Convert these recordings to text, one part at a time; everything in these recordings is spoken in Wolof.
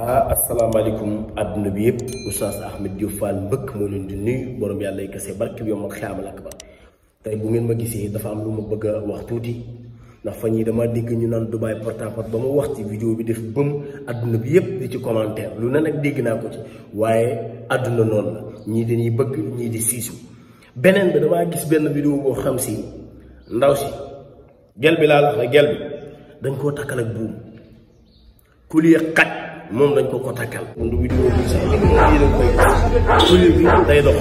ah asalaamaaleykum àdduna bi yëpp oustaz Ahmed Diop Fall mbëkk moo leen di nuyu yàlla yi kese barke bi yow mag xiyaamal ak ba tey bu ngeen ma gisee dafa am lu ma bëgg a wax tuuti ndax fa ñi dama digg ñu naan Dubaï porte à porte ba ma wax ci vidéo bi def bëm àdduna bi yëpp di ci commentaire lu ne nag dégg naa ko ci waaye àdduna noonu la ñii dañuy bëgg ñii di siisu beneen bi damaa gis benn vidéo boo xam si ndaw si gel bi laa wax gel bi dañ koo takkal ak moom dañ ko ko takkal. kon du vidéo bi sax yéen dox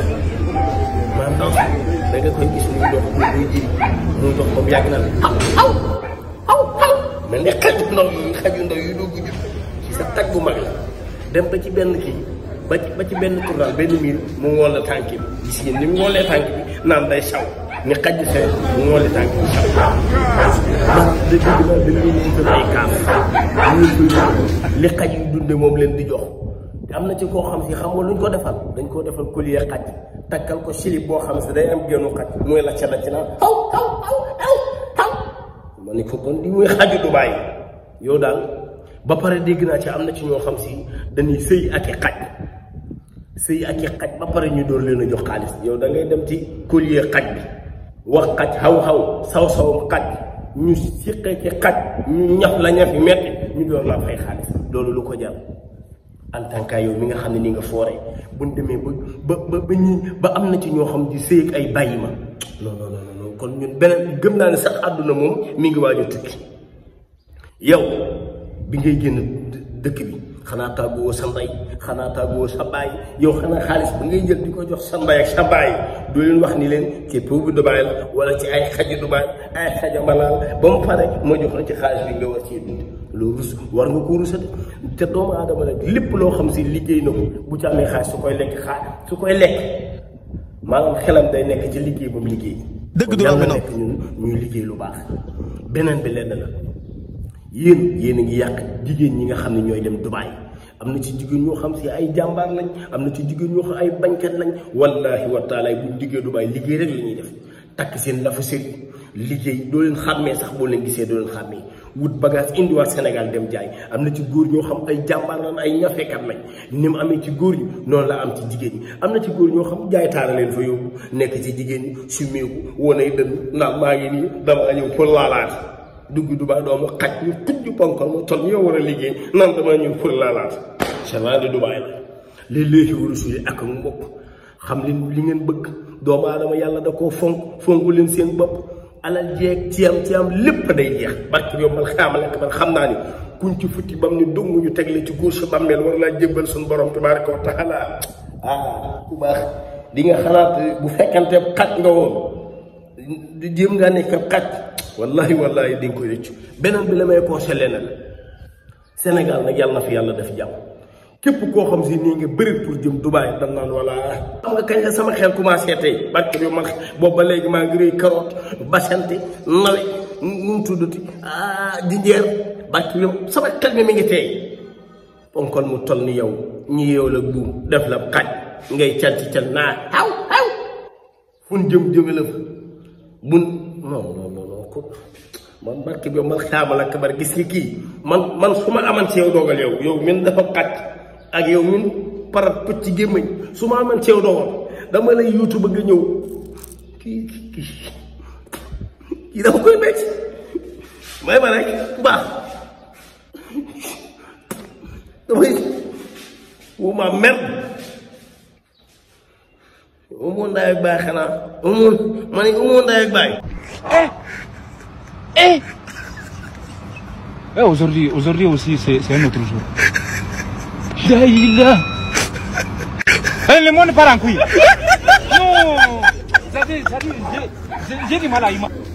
maanaam da yàgg na la. aw aw aw. mel ni xaju ndaw yi xaju ndaw yi doog a ci sa tag bu mag la dem ba ci benn kii ba ci benn tournal benn miir mu ngoon la tànk bi gis ni mu ngoolee tànk bi naan day saw. ni xaj te moo li tànk li xaj yu dunde moom leen di jox am na ci koo xam si xam luñ ko defal dañ koo defal collier xaj takkal ko silib boo xam si day am génnu xaj mooy la ca la ci naan aw aw aw aw aw muy xaju du bàyyi yow daal ba pare dégg naa ci am na ci ñoo xam si dañuy sëy ak i xaj sëy ak i xaj ba pare ñu door leen a jox xaalis yow da dem ci collier xaj bi wax xaj xaw-xaw saw-saw xaj ñu siqee ci xaj ñu ñaf la ñafi metti ñu door laa fay xaalis loolu lu ko jar en tant yow mi nga xam ne ni nga foore buñ demee ba ba ba ñi ba am na ci ñoo xam di séeg ay bàyyi ma non non non kon ñun beneen gëm naa ne sax àdduna moom mi ngi waaj tukki yow bi ngay génn dëkk bi xanaa tàggoo sa ndey xanaa tàggoo sa baay yow xanaa xaalis ba ngay jël di ko jox sa mbay ak sa baay du leen wax ni leen ci puubu Dubaay la wala ci ay xaji Dubaay ay xaja mbalaal ba mu pare moo jox la ci xaalis bi nga war ci dund rus war nga ko rusat ca doomu aadama nag lépp loo xam si liggéey na ko bu ci amee xaalis su koy lekk xaar su koy lekk maanaam xelam day nekk ci liggéey ba mu liggéey dëgg du am nekk ñun ñuy liggéey lu baax beneen bi lenn la yéen yéen a ngi yàq jigéen ñi nga xam ne ñooy dem Dubaay am na ci jigéen ñoo xam si ay jàmbaar lañ am na ci jigéen ñoo xam ay bañkat lañ wallaahi wa taalaay buñ liggéey du bàyyi liggéey rek def takk seen lafa sëriñ liggéey doo leen xàmmee sax boo leen gisee doo leen xàmmee wut bagage indiwaat Sénégal dem jaay am na ci góor ñoo xam ay jàmbaar lañ ay ñafekat nañ ni mu amee ci góor ñi noonu la am jigéen ñi am na ci góor ñoo xam jaay taara leen fa yóbbu nekk ci jigéen ñi sumeeku wane dënn ndax maa ngi nii damaa ñëw pour laalaat dugg Dubaay doomu xaj ñu xujj ponkal mu toll yow war a liggéey naan damaa ñëw pour laalaat changement de Dubaay la lii léegi war a suy ak mu mbokk xam leen li ngeen bëgg doomu aadama yàlla da koo fonk fonku leen seen bopp alal ci am ci am day jeex barke yow man xaamal ak man xam naa ni kuñ ci futti bam ni dugg ñu tegle ci guus bàmmeel war naa jébbal suñu borom tabaaraka wa taala ah ku baax di nga xalaat bu fekkante xaj nga woon di jéem ngaa nekk ab xaj wallahi wallahi di nga koy rëccu beneen bi la may conseillé na la Sénégal nag na fi yàlla def jàmm képp koo xam si nii nga bëri pour jëm Dubaay dañ naan wala xam nga kañ la sama xel commencé tey barke bi man ba léegi maa ngi rëy carotte basante nawe nu mu tuddati ah, bi mi ngi tey ponkon mu toll ni yow ñi yow la buum def la xaj ngay cal ci cal naa aw aw fu jëm jëme la mun non non non ko man barke bi man xaaral ak kabar gis nga kii man man su ma aman ci yow dogal yow yow min dafa xàcc ak yow min parat pëcc ci gémmañ su ma aman ci yow dama lay yuutu bëgg ñëw kii kii kii dama koy becc may ma rek bu baax damay wu ma mer. umu ndaay ak baay xanaa umu ma ne umu ndaay ak baay. eh eh. eh aujourd'hui aujourd'hui aussi c'est c'est un autre jour. la ilaha. eh le monde part en couille. non. c'est-à-dire c'est-à-dire j'ai j'ai du mal à imaginer.